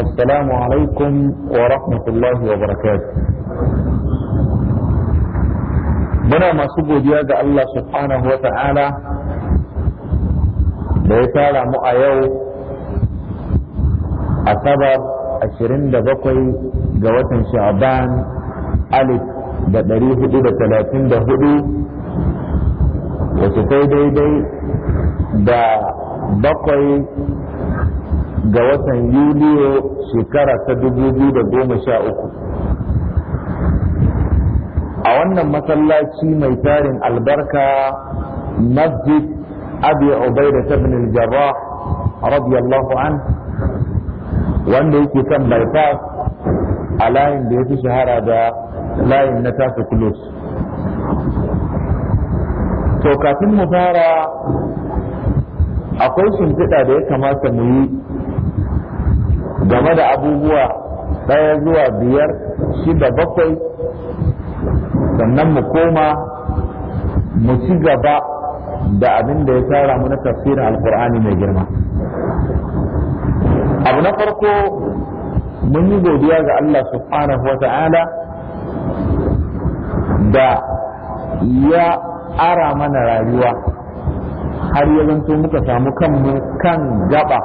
السلام عليكم ورحمة الله وبركاته muna masu godiya ga Allah subhanahu ta'ala da ya tara mu a yau asabar 27 ga watan sha'ban alif da 434 wasu kai daidai da bakwai ga watan yuliyo shekara ta 2013 a wannan masallaci mai tarin albarka masjid abi ubaida ibn al-jarrah radiyallahu an wanda yake kan bypass a layin da ya fi shahara da layin na tafi close to kafin mu fara akwai shimfiɗa da ya kamata mu yi game da abubuwa ɗaya zuwa biyar shida bakwai sannan mu koma mu ci gaba da abin da ya tara mu na tafsirin alkur'ani mai girma abu na farko mun yi godiya ga Allah subhanahu wa ta'ala da ya ara mana rayuwa har yanzu muka samu kanmu kan gaba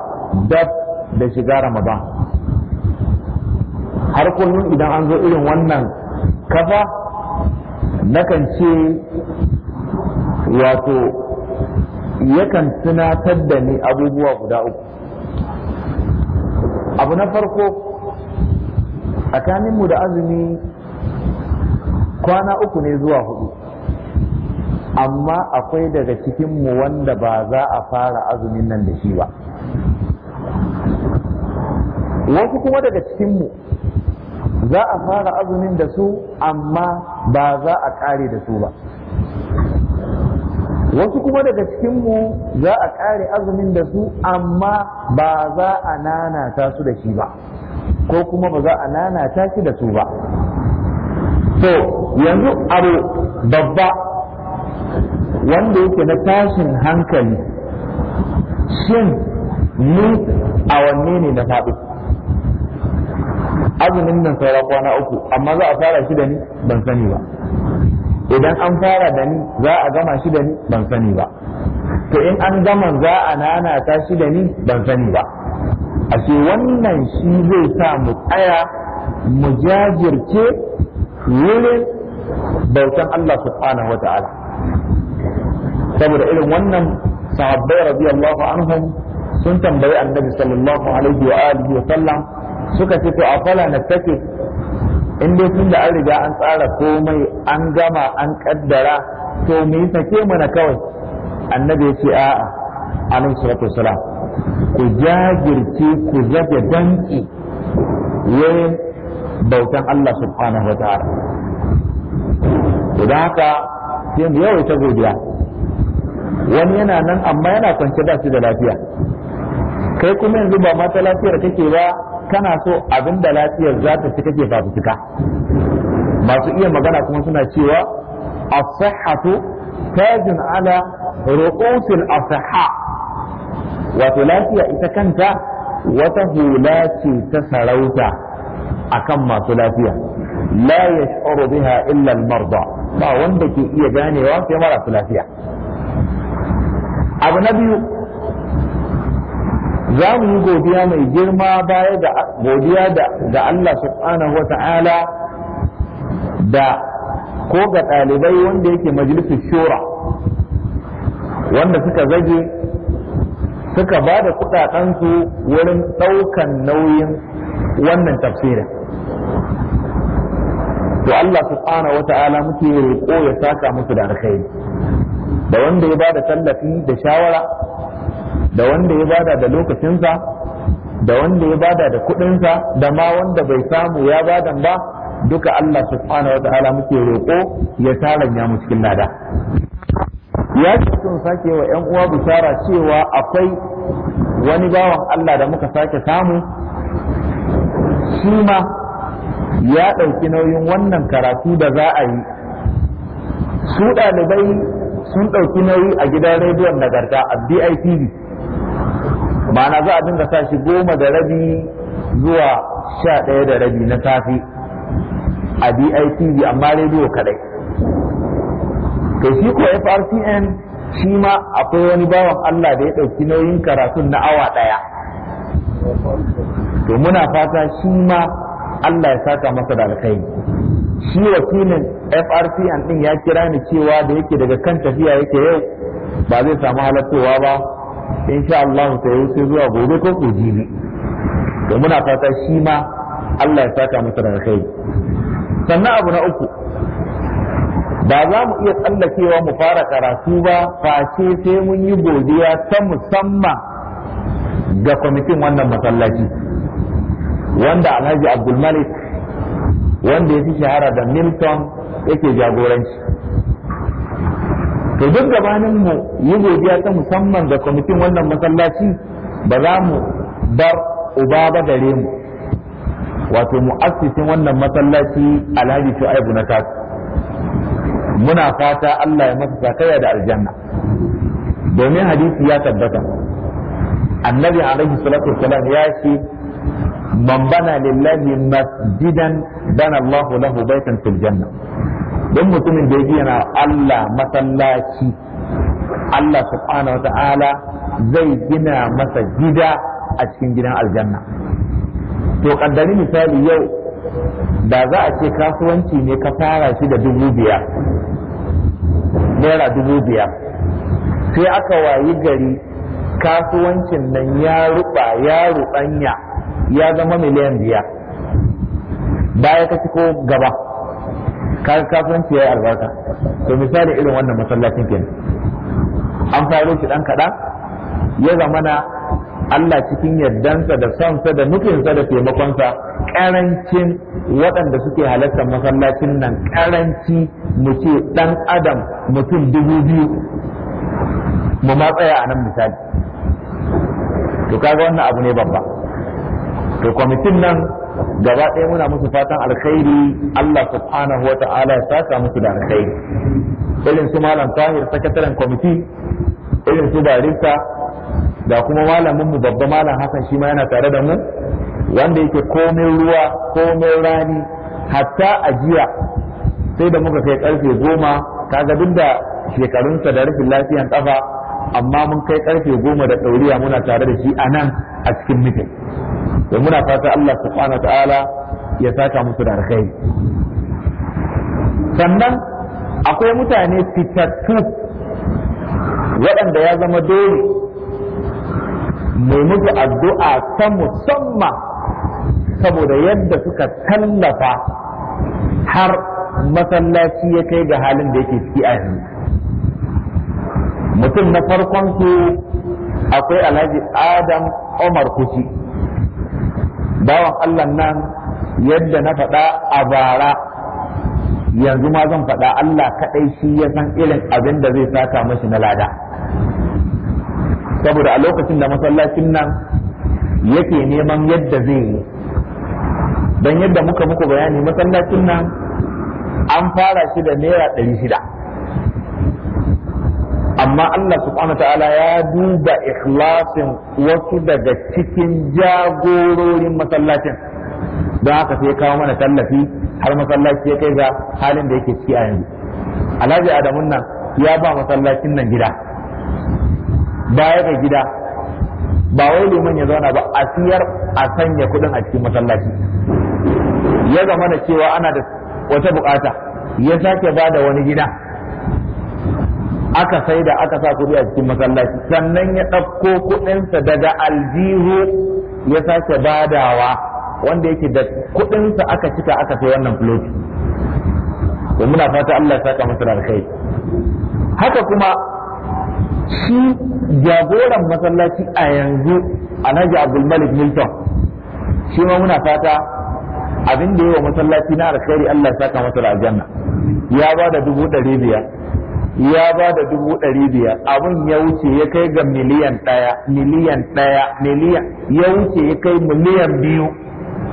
dab da shiga ramadan har kullum idan an zo irin wannan kafa nakan ce wato yakan tunatar da ni abubuwa guda uku abu na farko tsakaninmu da azumi kwana uku ne zuwa hudu amma akwai daga cikinmu wanda ba za a fara azumin nan da shi ba wasu kuma daga cikinmu za a fara azumin da su amma ba za a ƙare da su ba wasu kuma daga cikinmu za a ƙare azumin da su amma ba za a nanata su da shi ba ko kuma ba za a nanata shi da su ba to yanzu abu babba wanda yake na tashin hankali shin ni a wanne ne na faɗi azumin nan saura kwana uku amma za a fara shi da ni ban sani ba idan an fara da ni za a gama shi da ni ban sani ba to in an gama za a nanata shi da ni ban sani ba ashe wannan shi zai sa mu tsaya mu jajirce wurin bautan Allah subhanahu wata'ala saboda irin wannan sahabbai radiyallahu anhum sun tambayi annabi sallallahu alaihi wa alihi wa sallam suka ce to a na take in dai tun da an riga an tsara komai an gama an kaddara to mu sake mana kawai annabi ya ce a'a alaihi salatu wasalam ku jajirce ku zage danki yayin bautan Allah subhanahu wa idan haka sai mu yawaita godiya wani yana nan amma yana kwance da shi da lafiya kai kuma yanzu ba mata lafiyar kake ba kana so abin da lafiyar za ta ci kake fafutuka masu iya magana kuma suna cewa as-sihhatu ala ru'usil asaha wato lafiya ita kanta wata hula ce ta sarauta akan masu lafiya la yash'uru biha illa al-marda ba wanda ke iya ganewa sai marasa lafiya abu na biyu za mu yi godiya mai girma baya da godiya da Allah subhanahu wa ta'ala da ko ga ɗalibai wanda yake majalisar shura wanda suka zage suka ba da kuɗaɗensu wurin ɗaukan nauyin wannan tafsirin to Allah subhanahu wa ta'ala muke roƙo ya saka musu da alkhairi da wanda ya ba da tallafi da shawara da wanda ya bada da lokacinsa da wanda ya bada da kudinsa da ma wanda bai samu ya bada ba duka Allah subhanahu wa ta'ala muke roƙo ya taranya mu cikin lada ya ce sun sake wa ‘yan uwa bishara cewa akwai wani bawan Allah da muka sake samu shi ya ɗauki nauyin wannan karatu da za a yi su ɗalibai sun ɗauki nauyi a gidan rediyon nagarta a BITV ma'ana za a dinga sa shi goma da rabi zuwa sha ɗaya da rabi na safe a DITV amma rediyo kadai to shi ko FRCN shi ma akwai wani bawan Allah da ya ɗauki nauyin karatun na awa ɗaya to muna fata shi ma Allah ya saka masa da alkhairi shi wakilin FRCN din ya kira ni cewa da yake daga kan tafiya yake yau ba zai samu halattowa ba in sha Allah ta yi sai zuwa gobe ko ko jibi to muna fata shi ma Allah ya saka masa da kai sannan abu na uku ba za mu iya tsallakewa mu fara karatu ba face sai mun yi godiya ta musamman ga kwamitin wannan masallaci wanda Alhaji Abdulmalik wanda ya fi shahara da Milton yake jagoranci to duk gabanin mu yi godiya ta musamman da kwamitin wannan masallaci ba za mu bar uba ba gare mu wato mu'assisin wannan masallaci alhaji shu'aibu na kasu muna fata Allah ya masa sakaya da aljanna domin hadisi ya tabbata annabi alaihi salatu wassalam ya ce man bana lillahi masjidan bana Allahu lahu baitan fil janna don mutumin da ya yana Allah masallaci Allah subhanahu wa ta'ala zai gina masa gida a cikin gidan aljanna to kaddari misali yau da za a ce kasuwanci ne ka fara shi da dubu biyar naira dubu biyar sai aka wayi gari kasuwancin nan ya ruba ya rubanya ya zama miliyan biyar baya ka ko gaba kaga ya yi albarka to misali irin wannan masallacin kenan an faro shi dan kaɗan ya zamana Allah cikin yardansa da sonsa da nufinsa da taimakonsa ƙarancin waɗanda suke halartar masallacin nan ƙaranci mu ce ɗan adam mutum dubu biyu mu matsaya a nan misali to kaga wannan abu ne babba to kwamitin nan gaba ɗaya muna musu fatan alkhairi Allah subhanahu wa ta'ala ya saka musu da alkhairi irin su malam tahir sakataren kwamiti irin su barista da kuma malamin mu babba malam hasan shi ma yana tare da mu wanda yake komai ruwa komai rani hatta a jiya sai da muka kai karfe goma kaga duk da shekarunsa da rashin lafiyan kafa amma mun kai karfe goma da ɗauriya muna tare da shi a nan a cikin mitin da muna fata Allah subhanahu ta'ala ya saka musu da alkhairi sannan akwai mutane fitattu waɗanda ya zama dole mai musu addu'a ta musamman saboda yadda suka tallafa har masallaci ya kai ga halin da yake ciki a yanzu mutum na farkon su akwai alhaji adam umar kuci bawan allah nan yadda na faɗa a bara yanzu ma zan faɗa allah kaɗai shi ya san irin abin da zai saka mashi na lada saboda a lokacin da masallacin nan yake neman yadda zai yi don yadda muka muku bayani masallacin nan an fara shi da naira ɗari shida amma Allah subhanahu ta'ala ya duba ikhlasin wasu daga cikin jagororin masallacin don haka sai kawo mana tallafi har masallaci ya kai ga halin da yake ciki a yanzu alhaji adamun nan ya ba masallacin nan gida baya ga gida ba wai liman ya zauna ba a siyar a sanya kudin a cikin masallaci ya zama da cewa ana da wata bukata ya sake ba da wani gida aka sai da aka sa kuɗi a cikin masallaci sannan ya ɗauko kuɗinsa daga aljihu ya sake badawa wanda yake da kuɗinsa aka cika aka sai wannan floti to muna fata Allah ya saka masa da alkhairi haka kuma shi jagoran masallaci a yanzu Alhaji Abdul Malik Milton shi ma muna fata abin da yawa masallaci na alkhairi Allah ya saka masa da aljanna ya ba da dubu ɗari biyar ya ba da dubu ɗari biyar abin ya wuce ya kai ga miliyan ɗaya miliyan ɗaya miliyan ya wuce ya kai miliyan biyu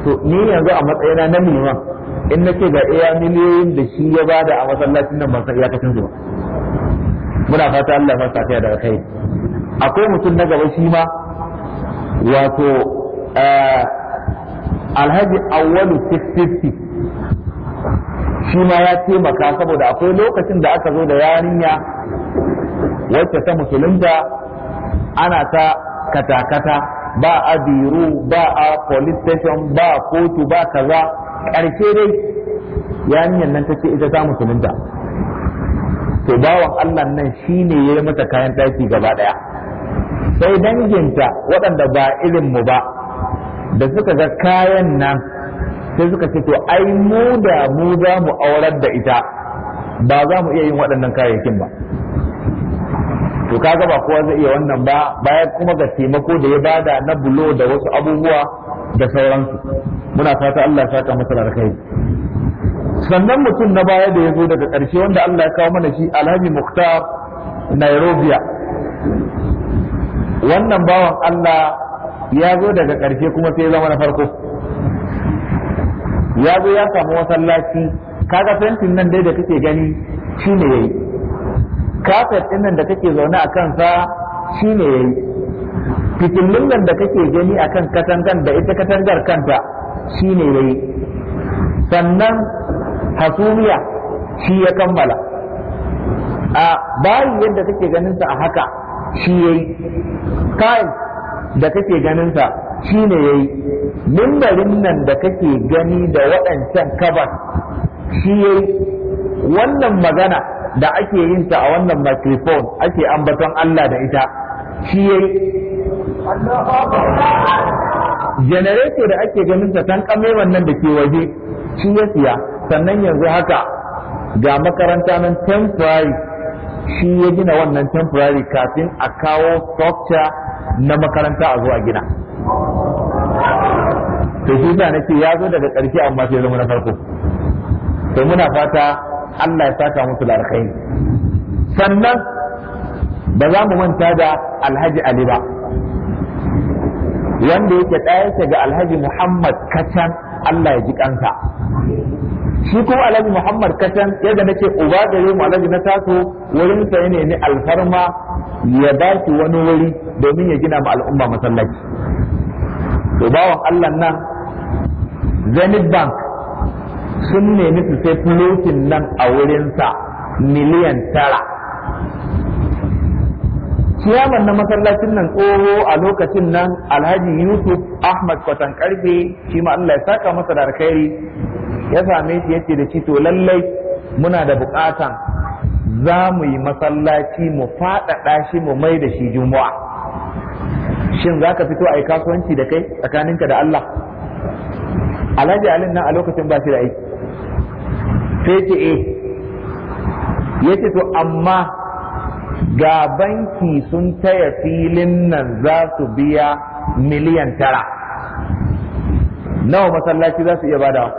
to ni yanzu a matsayina na miliyan in na ce ga iya miliyoyin da shi ya ba da a masallacin nan ban ya iyakacin zuwa muna fata Allah masa kai daga kai akwai mutum na gaba shi ma wato eh, alhaji awwalu 650 shi ma ya taimaka saboda akwai lokacin da aka zo da yarinya wacce ta musulunta ana ta katakata ba a biro ba a police station ba kotu ba kaza ƙarshe dai yarinyar nan ta ce ita ta musulunta to bawan Allah nan shine ya yi mata kayan ɗaki gaba ɗaya sai danginta waɗanda ba irin ba da suka ga kayan nan sai suka ce to ai mu da mu za mu aurar da ita ba za mu iya yin waɗannan kayayyakin ba to kaga ba kowa zai iya wannan ba bayan kuma ga taimako da ya bada na bulo da wasu abubuwa da sauransu muna fata Allah ya saka masa kai sannan mutum na baya da ya daga ƙarshe wanda Allah ya kawo mana shi Alhaji Muktar Nairobiya wannan bawan Allah ya zo daga ƙarshe kuma sai ya zama na farko ya zo ya samu masallaci kaga fentin nan dai da kake gani shi ne yayi kafet din nan da kake zaune a kansa shi ne yayi fitillun nan da kake gani akan katangan da ita katangar kanta shi ne yayi sannan hasumiya shi ya kammala a bayi yadda kake ganinsa a haka shi yayi kai da kake ganinsa shine yayi ya yi mimbarin nan da kake gani da waɗancan kabar shi ya yi wannan magana da ake yin ta a wannan microphone ake ambaton Allah da ita shi ya yi generator da ake ganin ta tan kame nan da ke waje shi ya siya sannan yanzu haka ga makaranta nan temporary shi ya gina wannan temporary kafin a kawo structure na makaranta a zuwa gina to shi ce nake ya zo daga ƙarshe amma sai zama na farko to muna fata Allah ya saka musu larkai sannan ba za mu manta da Alhaji Ali ba wanda yake ɗaya yake ga Alhaji Muhammad Kacan Allah ya ji kansa shi kuma Alhaji Muhammad Kacan yadda nake uba gare mu Alhaji na taso wurin sa ne alfarma ya ba su wani wuri domin ya gina ma al'umma masallaci to bawan Allah nan Zenith Bank sun nemi su sai flotin nan a wurinsa miliyan tara ciyaman na masallacin nan tsoro a lokacin nan alhaji yusuf ahmad kwatan karfe shi ma allah ya saka masa da alkhairi ya same shi yace da shi to lallai muna da bukatan za mu yi masallaci mu faɗaɗa shi mu mai da shi juma'a shin za ka fito a yi kasuwanci da kai tsakaninka da Allah alhaji alin nan a lokacin ba shi da aiki sai ce eh ya ce to amma ga banki sun taya filin nan za su biya miliyan tara nawa masallaci za su iya badawa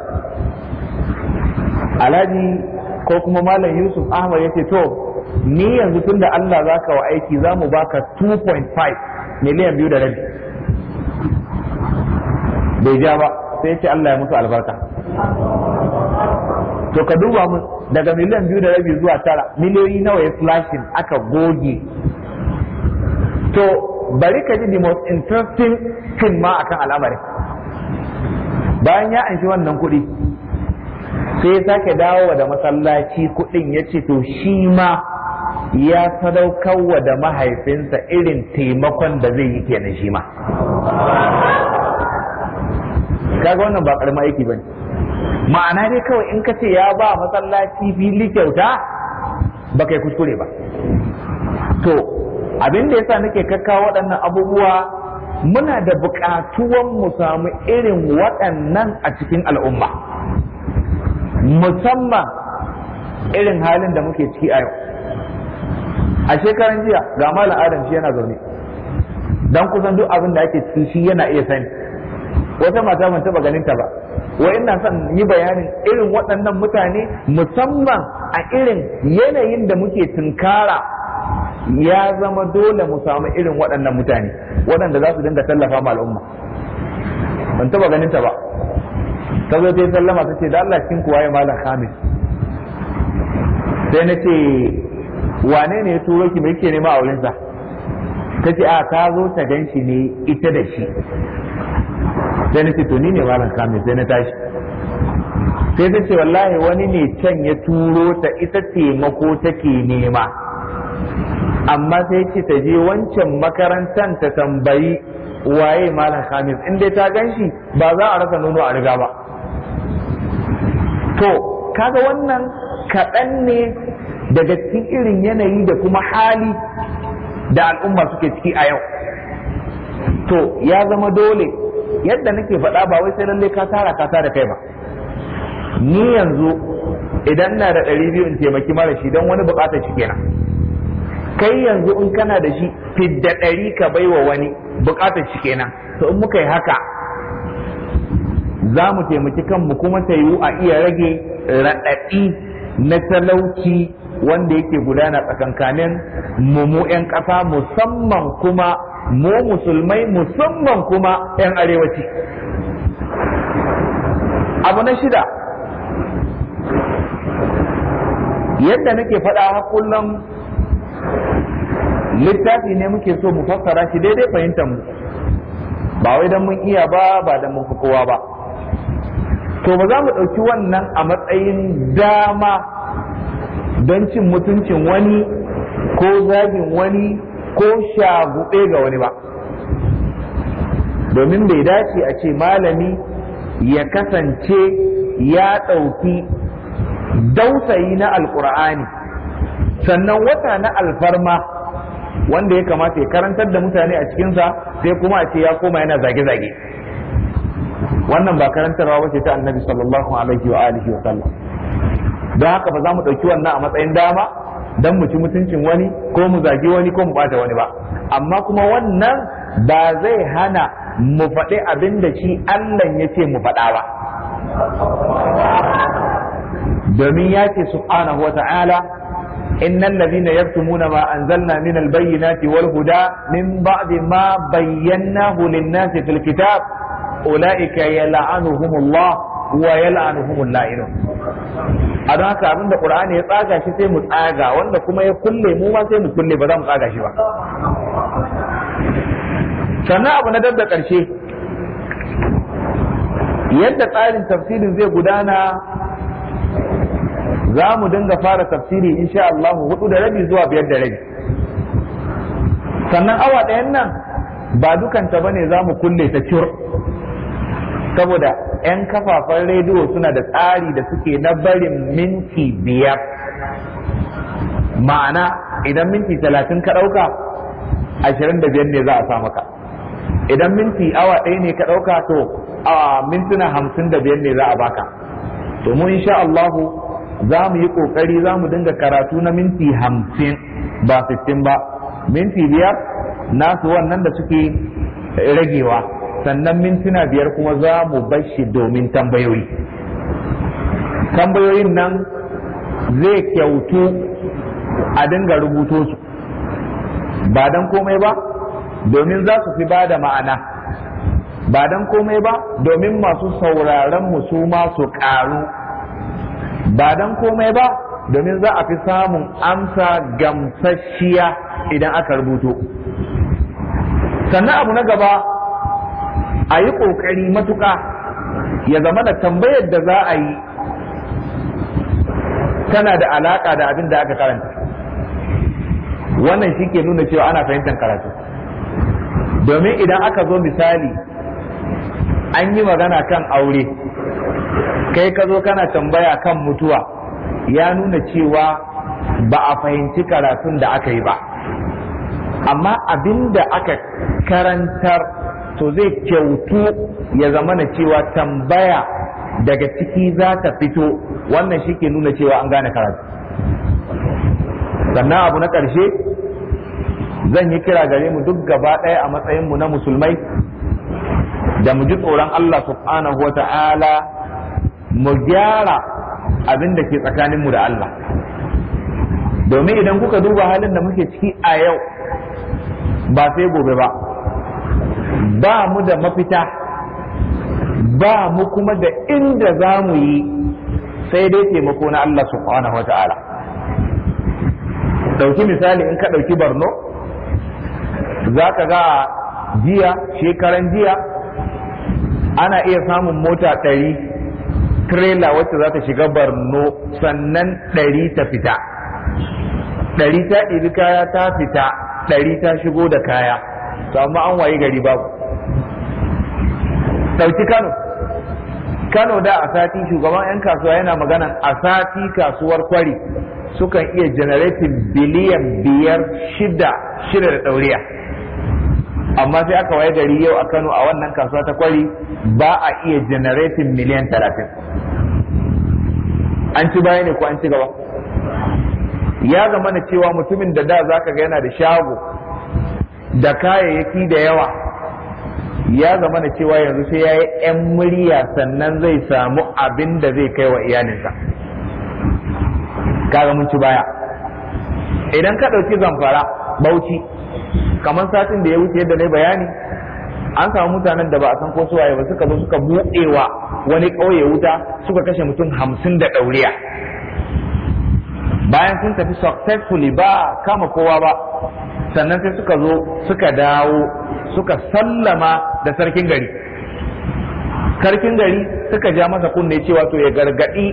alhaji ko kuma malam yusuf ahmad ya ce to ni yanzu tun da allah za ka wa aiki za mu baka 2.5 miliyan biyu da rabi bai ja ba sai ya ce allah ya musu albarka to ka duba mu daga miliyan biyu da rabi zuwa tara miliyoyi nawa ya flashin aka goge to bari ka ji the most interesting thing ma akan al'amari bayan ya anshi wannan kuɗi sai ya sake dawo da masallaci kudin ya ce to shi ma ya sadaukarwa da mahaifinsa irin taimakon da zai yi kenan shi ma kaga wannan ba ƙaramin aiki ba ma'ana dai kawai in ka ce ya ba masallaci fili kyauta ba kai kuskure ba to abin da yasa nake kakkawa waɗannan abubuwa muna da buƙatuwan mu samu irin waɗannan a cikin al'umma musamman irin halin da muke ciki a yau a shekaran jiya ga malam adam shi yana zaune dan kusan duk abin da ake ciki shi yana iya sani wata mata ban taba ganin ta ba wa ina son yi bayanin irin waɗannan mutane musamman a irin yanayin da muke tunkara ya zama dole mu samu irin waɗannan mutane waɗanda za su dinga tallafa ma al'umma ban taba ganin ta ba ta zo ta yi sallama ta ce da Allah cikin kuwa ya malam Hamid sai na ce wane ne ya turo ki mai ke nema a wurinsa ta ce a ta zo ta gan shi ne ita da shi sai na ce to ni ne malam Hamid sai na tashi sai ta ce wallahi wani ne can ya turo ta ita taimako take nema amma sai ce ta je wancan makarantar ta tambayi waye malam khamis in dai ta gan shi ba za a rasa nono a riga ba to kaga wannan kaɗan ne daga cikin irin yanayi da kuma hali da al'umma suke ciki a yau to ya zama dole yadda nake faɗa ba wai sai lalle ka tara ka tara kai ba ni yanzu idan na da ɗari biyu in taimaki mara shi don wani buƙatar shi kenan kai yanzu in kana da shi fidda ɗari ka baiwa wani buƙatar shi kenan to in muka yi haka za mu taimaki kanmu kuma ta yiwu a iya rage raɗaɗi na talauci wanda yake gudana tsakankanin mu mu 'yan ƙasa musamman kuma mu musulmai musamman kuma 'yan arewaci abu na shida yadda nake faɗa kullum littafi ne muke so mu fassara shi daidai fahimtar mu ba wai don mun iya ba ba don mun fi kowa ba to ba za mu ɗauki wannan a matsayin dama don cin mutuncin wani ko zagin wani ko shagube ga wani ba domin bai dace a ce malami ya kasance ya ɗauki dausayi na alkur'ani sannan wata na alfarma wanda ya kamata ya karantar da mutane a cikinsa sai kuma a ce ya koma yana zage-zage wannan ba karantarwa ba ce ta annabi sallallahu alaihi wa alihi wa sallam don haka ba za mu ɗauki wannan a matsayin dama don mu ci mutuncin wani ko mu zagi wani ko mu bata wani ba amma kuma wannan ba zai hana mu faɗi abin da shi Allah ya ce mu faɗa ba domin ya ce subhanahu wa ta'ala إن الذين يكتمون ما أنزلنا من البينات والهدى من ma ما بيناه للناس في الكتاب ula'ika yal'anuhumullah wa yal'anuhumul la'inun a don abin da qur'ani ya tsaga shi sai mu tsaga wanda kuma ya kulle mu ma sai mu kulle ba za mu tsaga shi ba sannan abu na da ƙarshe yadda tsarin tafsirin zai gudana za mu dinga fara tafsiri insha Allah hudu da rabi zuwa biyar da rabi sannan awa ɗayan nan ba dukanta bane za mu kulle ta cur saboda 'yan kafafen rediyo suna da tsari da suke na barin minti biyar ma'ana idan minti talatin ka ɗauka ashirin da biyar ne za a sa maka idan minti awa ɗaya ne ka ɗauka to a mintuna hamsin da biyar ne za a baka to mu insha Allahu za mu yi ƙoƙari za mu dinga karatu na minti hamsin ba sittin ba minti biyar nasu wannan da suke ragewa sannan mintuna biyar kuma za mu bashi domin tambayoyi tambayoyin nan zai kyautu a dinga rubuto su ba don komai ba domin za su fi ba da ma'ana ba don komai ba domin masu sauraron mu su ma su ƙaru ba don komai ba domin za a fi samun amsa gamsasshiya idan aka rubuto sannan abu na gaba a yi ƙoƙari matuƙa ya zama da tambayar da za a yi tana da alaƙa da abin da aka karanta wannan shi ke nuna cewa ana fahimtar karatu domin idan aka zo misali an yi magana kan aure kai ka zo kana tambaya kan mutuwa ya nuna cewa ba a fahimci karatun da aka yi ba amma abin da aka karantar to zai kyautu ya zama na cewa tambaya daga ciki za ta fito wannan shi ke nuna cewa an gane karatu sannan abu na ƙarshe zan yi kira gare mu duk gaba ɗaya a matsayinmu na musulmai da mu ji tsoron Allah subhanahu wa ta'ala mu gyara abin da ke tsakaninmu da Allah domin idan kuka duba halin da muke ciki a yau ba sai gobe ba ba mu da mafita ba mu kuma da inda za mu yi sai dai taimako na Allah subhanahu Ala. ɗauki misali in ka ɗauki barno za ka ga jiya shekaran jiya ana iya samun mota ɗari trailer wacce za ta shiga barno sannan ɗari ta fita ɗari ta ɗiri kaya ta fita ɗari ta shigo da kaya samu an waye gari babu ɗauki kano kano da a sati shugaban 'yan kasuwa yana magana a sati kasuwar kwari sukan iya generating biliyan biyar shida shida da ɗauriya amma sai aka waye gari yau a kano a wannan kasuwa ta kwari ba a iya generating miliyan talatin an ci baya ne ko an ci gaba ya zama na cewa mutumin da da zaka ga yana da shago da kayayyaki da yawa ya zama na cewa yanzu sai ya yi 'yan murya sannan zai samu abin da zai kai wa iyalinsa ka mun ci baya idan ka ɗauki zamfara bauchi kamar satin da ya wuce yadda na bayani an samu mutanen da ba a san ko suwaye ba suka zo suka buɗewa wani ƙauye wuta suka kashe mutum hamsin da ɗauriya bayan sun tafi successfully ba kama kowa ba sannan sai suka zo suka dawo suka sallama da sarkin gari sarkin gari suka ja masa kunne cewa to ya gargadi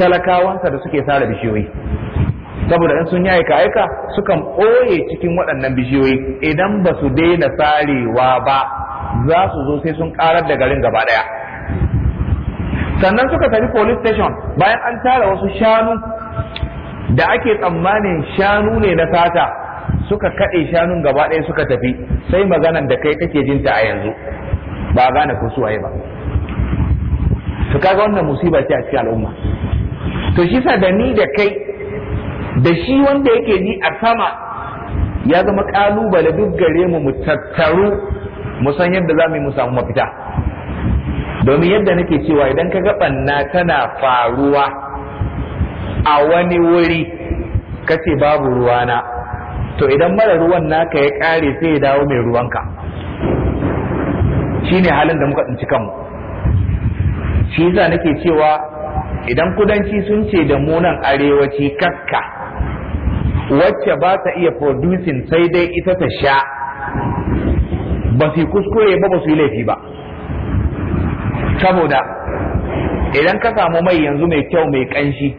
talakawansa da suke sare bishiyoyi saboda in sun yi aika aika sukan ɓoye cikin waɗannan bishiyoyi idan ba su daina sarewa ba za su zo sai sun karar da garin gaba ɗaya sannan suka tafi police station bayan an tara wasu shanu da ake tsammanin shanu ne na sata suka kaɗe shanun gaba ɗaya suka tafi sai maganan da kai kake jinta a yanzu ba gane ko suwaye ba su kaga wannan musiba ce a cikin al'umma to shi sa da ni da kai da shi wanda yake ni a sama ya zama kalubale duk gare mu mu tattaru mu san yadda za mu yi samu mafita domin yadda nake cewa idan ka ga na tana faruwa a wani wuri kace ce babu ruwana to idan mara ruwan naka ya kare sai ya dawo mai ruwanka shine halin da muka tsinci kanmu shi yasa nake cewa idan kudanci sun ce da mu nan arewaci kakka wacce ba ta iya producing sai dai ita ta sha ba su kuskure ba ba su yi laifi ba saboda idan ka samu mai yanzu mai kyau mai kanshi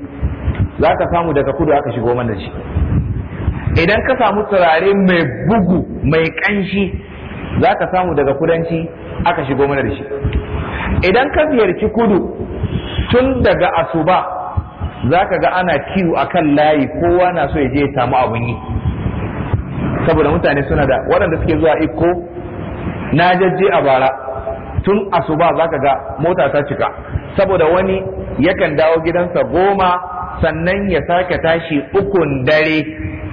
za ka samu daga kudu aka shigo mana shi idan ka samu turare mai bugu mai kanshi za ka samu daga kudanci aka shigo mana shi idan ka ziyarci kudu tun daga asuba za ka ga ana kiwo a kan layi kowa na so ya je ya samu abun yi saboda mutane suna da waɗanda suke zuwa iko na jajje a bara tun asuba za ka ga mota ta cika saboda wani yakan dawo gidansa goma sannan ya sake tashi ukun dare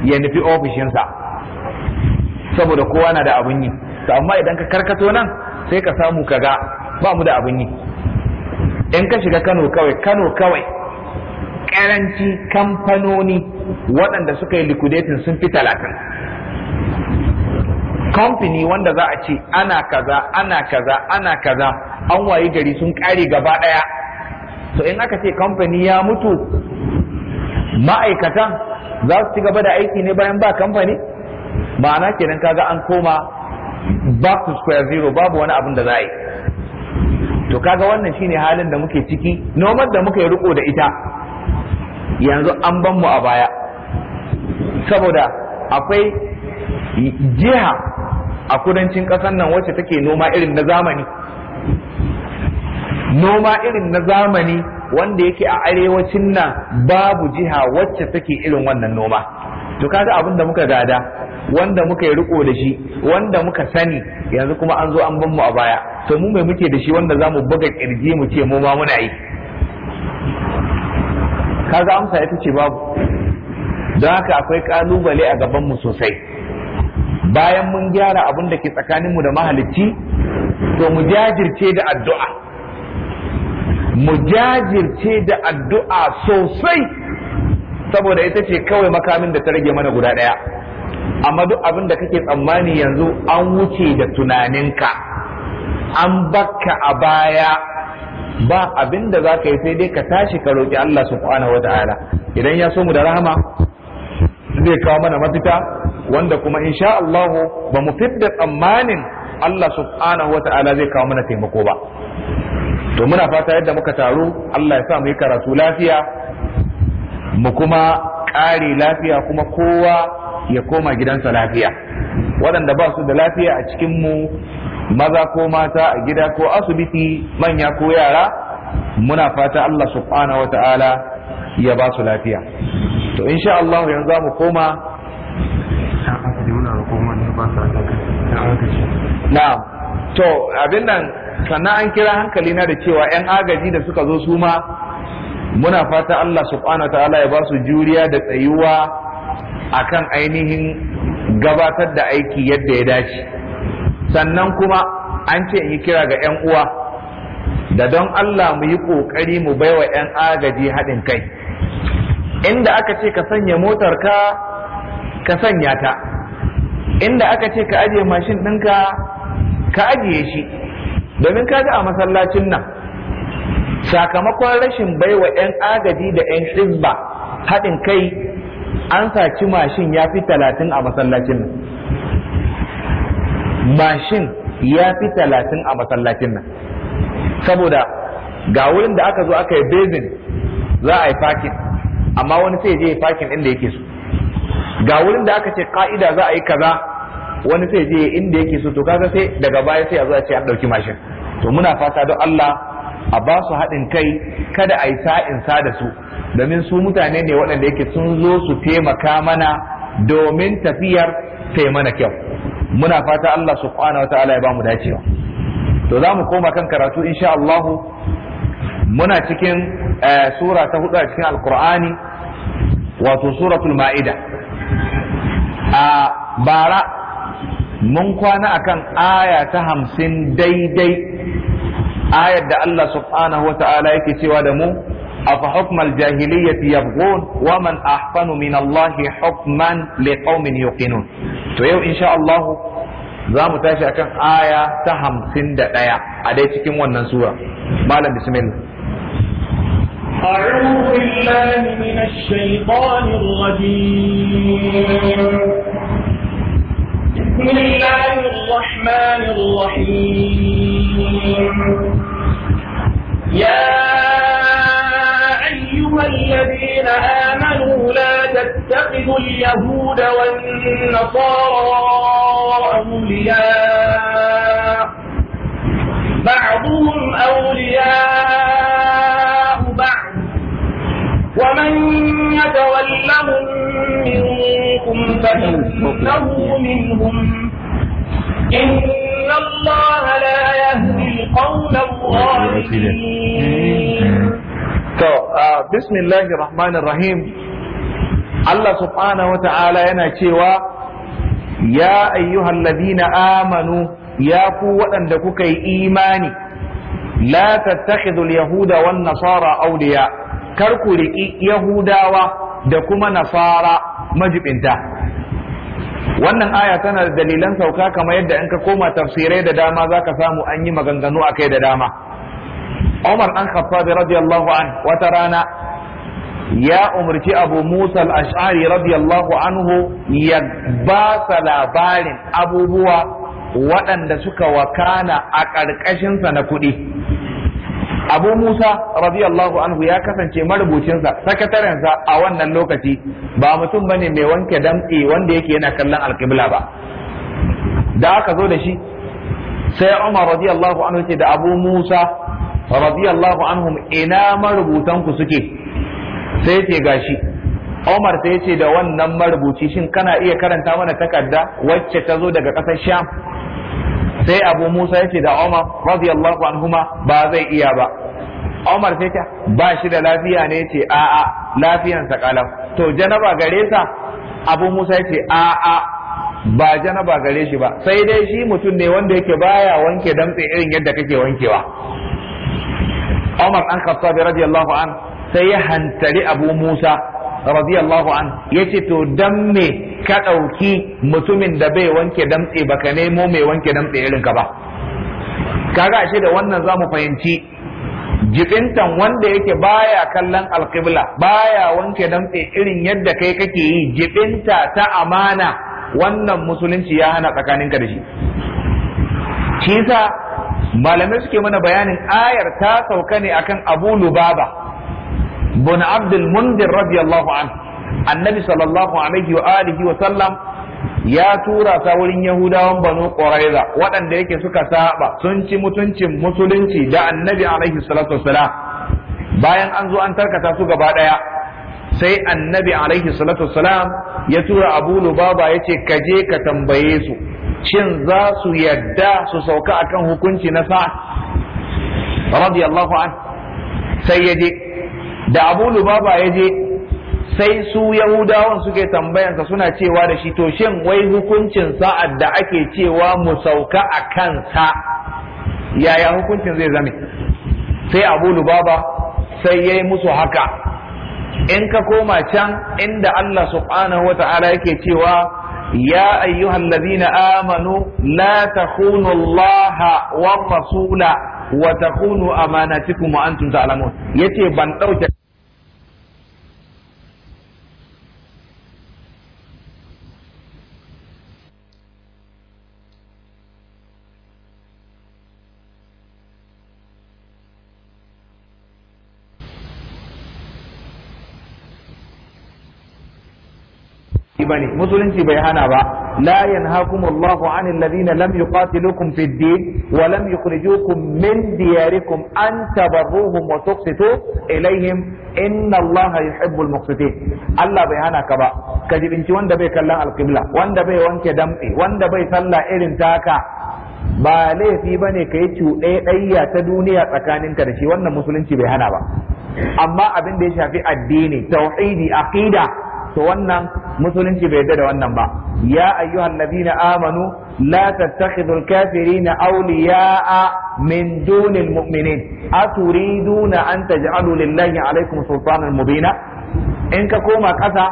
ya nufi ofishinsa saboda kowa na da abin yi to amma idan ka karkato nan sai ka samu kaga ba mu da abin yi in ka shiga kano kawai kano kawai karanci kamfanoni waɗanda suka yi liquidating sun fi talatin kamfani wanda za a ce ana kaza ana kaza ana kaza an wayi gari sun kare gaba ɗaya to in aka ce kamfani ya mutu ma'aikatan za su ci gaba da aiki ne bayan ba kamfani ma'ana kenan kaga an koma back to square zero babu wani abin da za a yi to kaga wannan shine halin da muke ciki nomar da muka yi riko da ita yanzu an ban mu a baya saboda akwai jiha a kudancin ƙasar nan wacce take noma irin na zamani noma irin na zamani wanda yake a arewacin nan babu jiha wacce take irin wannan noma to kaga abin da muka gada wanda muka yi riko da shi wanda muka sani yanzu kuma an zo an ban mu a baya to mu mai muke da shi wanda zamu buga kirji mu ce mu ma muna yi kaga amsa ita ce babu don haka akwai kalubale a gaban mu sosai bayan mun gyara abin da ke tsakaninmu da mahalicci to mu jajirce da addu'a mu jajirce da addu'a sosai saboda ita ce kawai makamin da ta rage mana guda ɗaya amma duk abin da kake tsammani yanzu an wuce da tunaninka an bakka a baya ba abin da za ka yi sai dai ka tashi ka roƙi Allah subhanahu wata'ala idan ya so mu da rahama zai kawo mana mafita wanda kuma insha Allah ba mu fidda tsammanin Allah subhanahu wata'ala zai kawo mana taimako ba to muna fata yadda muka taru Allah ya sa mu yi karatu lafiya mu kuma ƙare lafiya kuma kowa ya koma gidansa lafiya waɗanda ba su da lafiya a cikinmu maza ko mata a gida ko asibiti manya ko yara muna fata Allah subhanahu wa ta'ala ya ba su lafiya to insha Allah yanzu za mu koma na'am to abin nan sannan an kira hankali na da cewa 'yan agaji da suka zo su ma muna fata Allah subhanahu ta'ala ya ba su juriya da tsayuwa akan ainihin gabatar da aiki yadda ya dace sannan kuma an ce in yi kira ga 'yan uwa da don Allah mu yi ƙoƙari mu baiwa 'yan agaji haɗin kai inda aka ce ka sanya motar ka ka sanya ta inda aka ce ka ajiye mashin ɗinka ka ajiye shi domin kaga a masallacin nan sakamakon rashin baiwa 'yan agaji da 'yan hizba haɗin kai an saci mashin ya fi talatin a masallacin nan mashin ya fi talatin a masallacin nan saboda ga wurin da aka zo aka yi bezin za a yi fakin amma wani sai je fakin inda yake so ga wurin da aka ce ka'ida za a yi kaza wani sai je inda yake so to kaga sai daga baya sai a zo a ce an dauki mashin to muna fata don Allah a ba su haɗin kai kada a yi sa da su domin su mutane ne waɗanda yake sun zo su taimaka mana domin tafiyar ta mana kyau muna fata Allah kwana wata'ala ya ba mu dacewa to za mu koma kan karatu insha Allah muna cikin eh, sura ta hudu a cikin alkur'ani wato suratul ma'ida a bara mun kwana akan aya ta hamsin daidai ayar da Allah subhanahu wa ta'ala yake cewa da mu afa hukmal jahiliyyati yabghun wa man ahsanu min Allah hukman liqaumin yuqinun to yau insha Allah za mu tashi akan aya ta hamsin da ɗaya a dai cikin wannan sura malam bismillah أعوذ بالله من الشيطان الرجيم بسم الله الرحمن الرحيم يا أيها الذين آمنوا لا تتخذوا اليهود والنصارى أولياء بعضهم أولياء بعض ومن يتولهم منكم فإنه منهم إن الله لا يهدي القوم الظالمين آه، بسم الله الرحمن الرحيم الله سبحانه وتعالى يا أيها الذين آمنوا يا قوة أنكوا إيماني لا تتخذوا اليهود والنصارى أولياء kar ku riƙi yahudawa da kuma nasara majibinta wannan aya tana da dalilan sauka kamar yadda in ka koma tafsirai da dama za ka samu an yi maganganu a kai da dama umar an khattabi radiyallahu an wata rana ya umarci abu musa al-ash'ari radiyallahu anhu ya ba sa labarin abubuwa waɗanda suka wakana a ƙarƙashinsa na kuɗi abu musa radiyallahu anhu ya kasance marubucinsa sakatarensa a wannan lokaci ba mutum bane mai wanke damtse wanda yake yana kallon alƙibla ba da aka zo da shi sai umar radiyallahu anhu ce da abu musa radiyallahu anhu ina marubutan ku suke sai ce gashi umar sai ce da wannan marubuci shin kana iya karanta mana takarda wacce ta zo daga ƙasar sham sai abu musa ya ce da umar radiyallahu anhuma ba zai iya ba umar sai ta ba shi da lafiya ne ce a'a lafiyansa kalam to janaba gare sa abu musa ya ce a'a ba janaba gare shi ba sai dai shi mutum ne wanda yake baya wanke damtse irin yadda kake wankewa umar an khattabi radiyallahu an sai ya hantari abu musa radiyallahu an yace to dan me ka ɗauki mutumin da bai wanke damtse ka nemo mai wanke damtse irin ka ba kaga ashe da wannan zamu fahimci jibintan wanda yake baya kallon alqibla baya wanke damtse irin yadda kai kake yi jibinta ta amana wannan musulunci ya hana tsakaninka da shi shi yasa malamai suke mana bayanin ayar ta sauka ne akan abu lubaba bin abdul mundir radiyallahu an annabi sallallahu alaihi wa alihi wa sallam ya tura ta wurin yahudawan banu quraiza waɗanda yake suka saba sun ci mutuncin musulunci da annabi alaihi salatu wasalam bayan an zo an tarkata su gaba ɗaya sai annabi alaihi salatu wasalam ya tura abu lubaba ya ce ka je ka tambaye su shin za su yadda su sauka akan hukunci na sa radiyallahu an sai ya je da abu lubaba ya je sai su yahudawan suke tambayansa suna cewa da shi to shin wai hukuncin sa'ad da ake cewa mu sauka a kansa yaya hukuncin zai zame sai abu lubaba sai ya yi musu haka in ka koma can inda Allah subhanahu wa ta'ala yake cewa ya amanu, la أيها الذين wa لا تخونوا الله والرسول وتخونوا أماناتكم Ya ce ban بان kafirci musulunci bai hana ba la yanhaakum Allahu anil ladina lam yuqatilukum fid din wa lam yukhrijukum min diyarikum an ruhu wa tuqsitu ilaihim inna Allaha yuhibbul muqsitin Allah bai hana ka ba ka jibinci wanda bai kallon alqibla wanda bai wanke dambe wanda bai sallah irin taka ba laifi bane ne ka yi cuɗaɗayya ta duniya tsakaninka da shi wannan musulunci bai hana ba amma abin da ya shafi addini tauhidi aqida to wannan musulunci bai yarda da wannan ba ya ayyuhan nabina amanu la tattakhidhul kafirina awliya'a min dunil mu'minin aturiduna an taj'alu lillahi alaykum sultanan mubina in ka koma kasa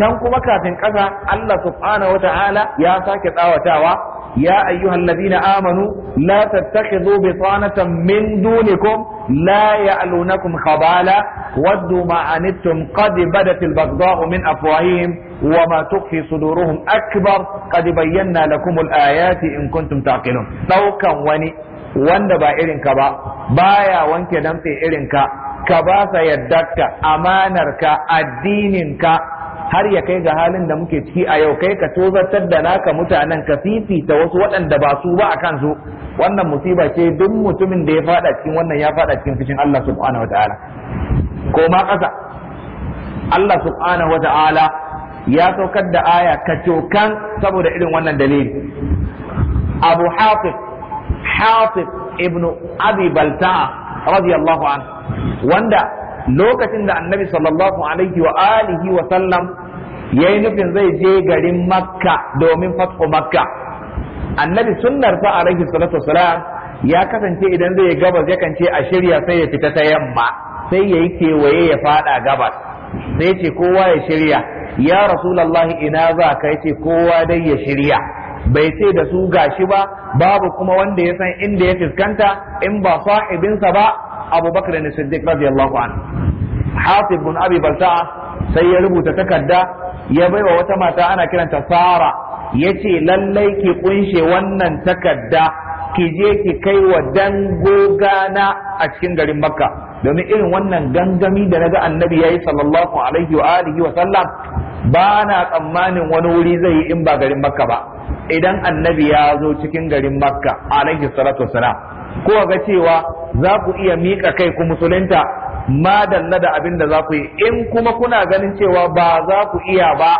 can kuma kafin kasa Allah subhanahu wa ta'ala ya sake tsawatawa يا أيها الذين آمنوا لا تتخذوا بطانة من دونكم لا يألونكم خبالا ودوا ما عنتم قد بدت البغضاء من أفواههم وما تخفي صدورهم أكبر قد بينا لكم الآيات إن كنتم تعقلون لو كان وني wanda ba irinka ba baya wanke damtse irinka ka ba sa yaddarka amanarka addininka har ya kai ga halin da muke ciki a yau kai ka tozartar da naka mutanen ka fifita wasu waɗanda ba su ba a kansu wannan musiba ce duk mutumin da ya fada cikin wannan ya fada cikin fushin Allah subhanahu wataala ko ma ƙasa Allah subhanahu wataala ya saukar da aya kacokan saboda irin wannan dalili Abu Hafiz Hafiz ibnu Abi Balta'a radiyallahu anhu wanda lokacin da annabi sallallahu alaihi wa alihi wa sallam yayi nufin zai je garin makka domin fathu makka annabi sunnar a alaihi salatu wasalam ya kasance idan zai gabas yakan ce a shirya sai ya fita ta yamma sai yayi kewaye ya fada gabas sai ce kowa ya shirya ya rasulullahi ina za ka ce kowa dai ya shirya bai ce da su gashi ba babu kuma wanda ya san inda ya fuskanta in ba sahibinsa ba Abu Bakr ne Siddiq radiyallahu anhu Hatib bin Abi Balta'a sai ya rubuta takarda ya baiwa wata mata ana kiranta Sara yace lallai ki kunshe wannan takarda ki je ki kai wa dangogana a cikin garin Makka domin irin wannan gangami da naga annabi yayi sallallahu alaihi wa alihi wa sallam ba na tsammanin wani wuri zai yi in ba garin Makka ba idan annabi ya zo cikin garin Makka alaihi salatu wassalam ko ga cewa za ku iya miƙa kai ku musulunta ma da abin da za ku yi in kuma kuna ganin cewa ba za ku iya ba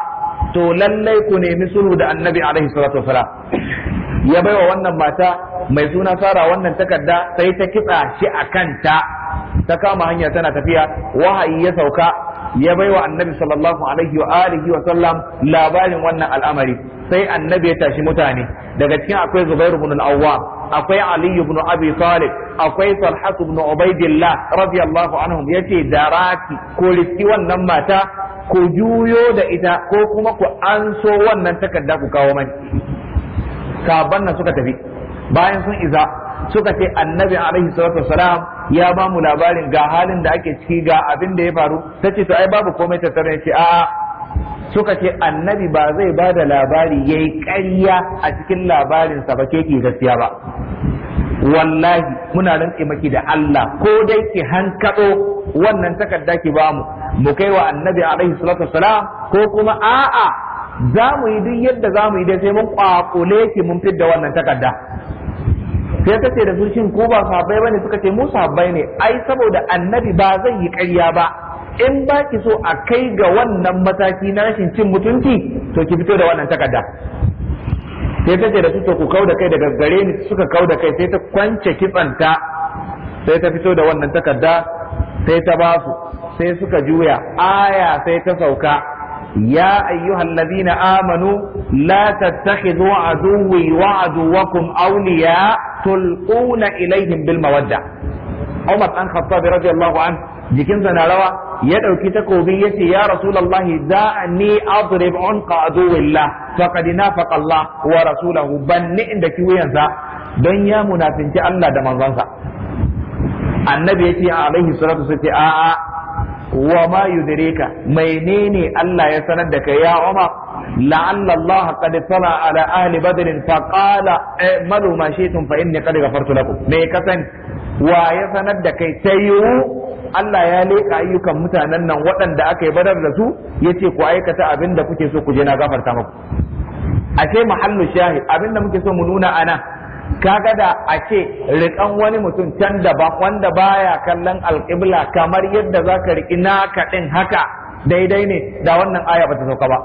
to lallai ku nemi sulhu da annabi alaihi salatu wasalam ya baiwa wannan mata mai suna sara wannan takarda sai ta kitsa shi a kanta ta kama hanya tana tafiya wahayi ya sauka ya baiwa annabi sallallahu alaihi wa alihi wa sallam labarin wannan al'amari sai annabi ya tashi mutane daga cikin akwai Zubairu bin al-Awwam akwai Ali ibn Abi Talib akwai Talhat ibn Ubaidillah radiyallahu anhum yace daraki ko riski wannan mata ku juyo da ita ko kuma ku anso wannan takarda ku kawo mani sahabban nan suka tafi bayan sun iza suka ce annabi alaihi salatu wasalam ya ba mu labarin ga halin da ake ciki ga abin da ya faru ta ce to ai babu komai tare ce a'a suka ce annabi ba zai ba da labari ya yi ƙarya a cikin labarinsa ba ke gaskiya ba wallahi muna rantse maki da Allah ko dai ki hankado wannan takarda ki bamu mu kai wa annabi alaihi salatu wasalam ko kuma a'a za mu yi duk yadda za mu yi dai sai mun kwakule ki mun fidda wannan takarda sai ka ce da su shin ko ba sahabbai bane suka ce mu sahabbai ne ai saboda annabi ba zai yi ƙarya ba in ba ki so a kai ga wannan mataki na rashin cin mutunci to ki fito da wannan takarda sai ta ce da su to ku kau da kai daga gare ni suka kau da kai sai ta kwance kitsanta sai ta fito da wannan takarda sai ta ba su sai suka juya aya sai ta sauka ya ayyuhal ladina amanu la tattakhidhu aduwwi wa aduwwakum awliya tulquna ilaihim bil mawadda Umar an Khattab radiyallahu an jikinsa na rawa ya dauki takobi yace ya rasulullahi da'ni adrib unqa aduwillah faqad nafaqa Allah wa rasulahu banni inda kiwayansa dan ya munafinci Allah da manzansa annabi yace alaihi salatu sai a'a wa ma yudrika menene Allah ya sanar da kai ya Umar لعل الله قد اطلع على اهل بدر فقال اعملوا ما شئتم فاني me ka sani wa ya sanar da kai ta yiwu Allah ya leƙa ayyukan mutanen nan waɗanda aka yi badar da su ya ce ku aikata abinda kuke so ku je na gafarta muku ashe mahallu shahid abin da muke so mu nuna ana kaga da a ce riƙan wani mutum can daban wanda baya kallon alƙibla kamar yadda za ka riƙi naka ɗin haka daidai ne da wannan aya bata sauka ba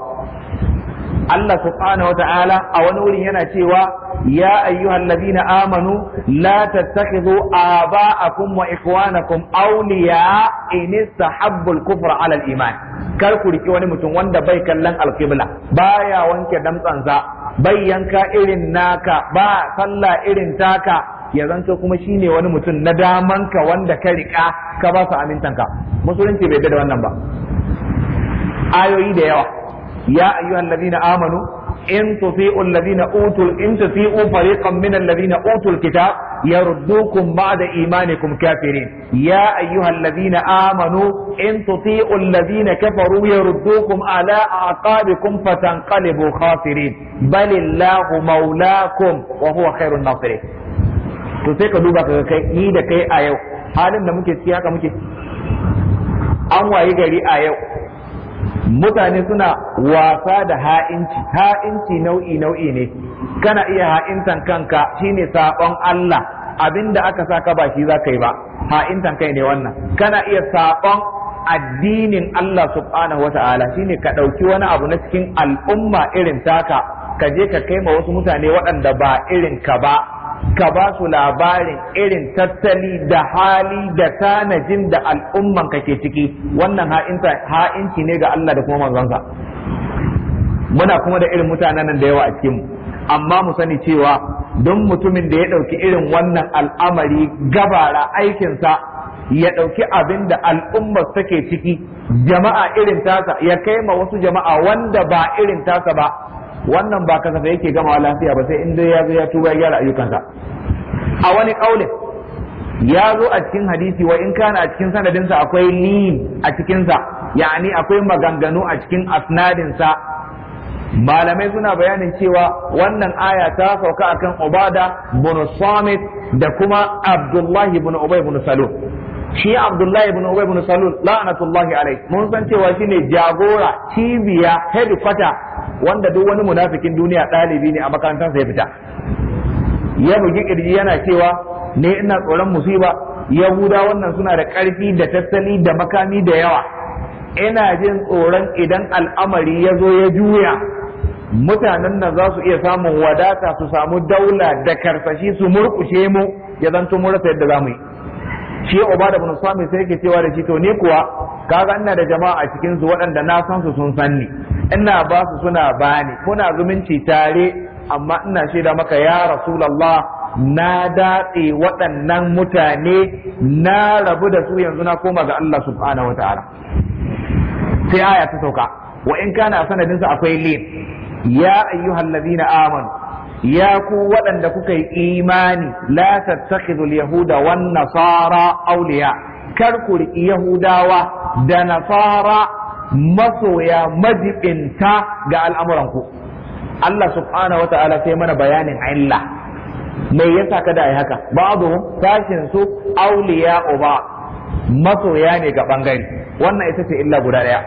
Allah subhanahu ta'ala a wani wurin yana cewa ya ayyuhal ladina amanu la tattakhidhu aba'akum wa ikhwanakum awliya in istahabbu al-kufra 'ala al-iman kar ku riki wani mutum wanda bai kallon alqibla baya wanke damtsansa bai yanka irin naka ba sallah irin taka ya zanto kuma shine wani mutum na damanka wanda ka riƙa ka ba su amintanka musulunci bai da wannan ba ayoyi da yawa ya ayyuhan ladina amanu in tuti'u alladhina utul in tuti'u fariqan min alladhina utul kitab يردوكم بعد إيمانكم كافرين يا أيها الذين آمنوا إن تطيعوا الذين كفروا يردوكم على أعقابكم فتنقلبوا خاسرين بل الله مولاكم وهو خير الناصرين to sai ka duba ka kai ni da kai a yau halin da muke muke an wayi gari a yau mutane suna wasa da ha'inci ha'inci nau'i nau'i ne kana iya ha'intan kanka shine sabon Allah abinda aka saka ba shi zaka ba ha'intan kai ne wannan kana iya sabon addinin Allah subhanahu wata'ala shine ka ɗauki wani abu na cikin al'umma irin taka ka je ka kai ma wasu mutane waɗanda ba irin ka ba ka ba su labarin irin tattali da hali da tanajin da al'umman ka ke ciki wannan ha'inci ne ga Allah da kuma manzansa muna kuma da irin mutanen nan da yawa a cikinmu amma mu sani cewa don mutumin da ya ɗauki irin wannan al'amari gabara aikinsa ya ɗauki abin da al'ummar take ciki jama'a irin tasa ya kai ma wasu jama'a wanda ba irin tasa ba wannan ba kasafa yake gama lafiya ba sai in dai ya zo ya tuba ya gyara ayyukansa a wani kaule ya zo a cikin hadisi wa in kana a cikin sanadinsa akwai lin a cikinsa yani akwai maganganu a cikin asnadinsa malamai suna bayanin cewa wannan aya ta sauka akan ubada bin samit da kuma abdullahi bin ubay bin salul shi abdullahi bin ubay bin salul la'anatullahi alai mun san cewa shine jagora cibiya headquarter wanda duk wani munafikin duniya ɗalibi ne a makarantar ya fita ya bugi kirji yana cewa ne ina tsoron musiba yahuda wannan suna da ƙarfi da tattali da makami da yawa ina jin tsoron idan al'amari ya zo ya juya mutanen nan za su iya samun wadata su samu daula da karsashi su murkushe mu ya zanto mu rasa yadda za mu yi shi ubada ibn sami sai yake cewa da shi to ni kuwa kaga ina da jama'a a cikin su waɗanda na san su sun sanni? ina ba su suna bani muna zumunci tare amma ina shaida maka ya rasulullah na datse waɗannan mutane na rabu da su yanzu na koma ga Allah subhanahu wataala sai aya ta sauka wa in kana sanadinsa akwai lin ya ayyuhallazina amanu ya ku waɗanda kuka yi imani la tattakhidul yahuda wan nasara awliya kar ku yahudawa da nasara masoya majibinta ga al'amuranku Allah subhanahu wata'ala sai mana bayanin illa me yasa kada ai haka Babu tashin su awliya uba masoya ne ga bangare wannan ita ce illa guda daya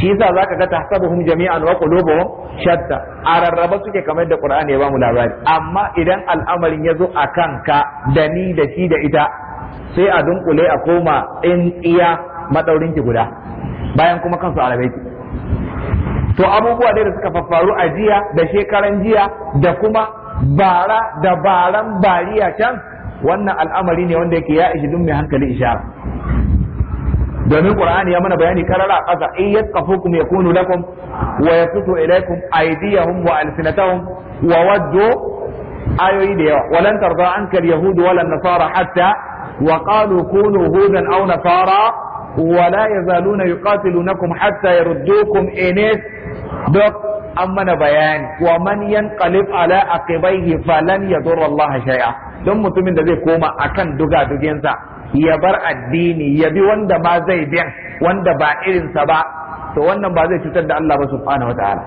shi yasa zaka ga tahsabuhum jami'an wa qulubuhum shatta a rarraba suke kamar da qur'ani ya bamu labari amma idan al'amarin yazo akan ka da ni da shi da ita sai a dunkule a koma iya madaurin ki guda bayan kuma kansu a to abubuwa dai da suka faffaru a jiya da shekaran jiya da kuma bara da baran bariya can wannan al'amari ne wanda yake ya ishi dun mai hankali ishara domin qur'ani ya mana bayani karara qasa in yasqafukum yakunu lakum wa yasutu ilaykum aydiyahum wa alsinatahum wa waddu ayoyi da yawa walan tarda anka alyahud wala nasara hatta wa qalu kunu hudan aw nasara ولا يزالون يقاتلونكم حتى يردوكم إن duk an mana bayani wa man yanqalib ala aqibaihi falan yadurra Allah shay'a don mutumin da zai koma akan duga dugensa ya bar addini ya bi wanda ma zai biyan wanda ba irinsa ba to wannan ba zai cutar da Allah ba subhanahu wataala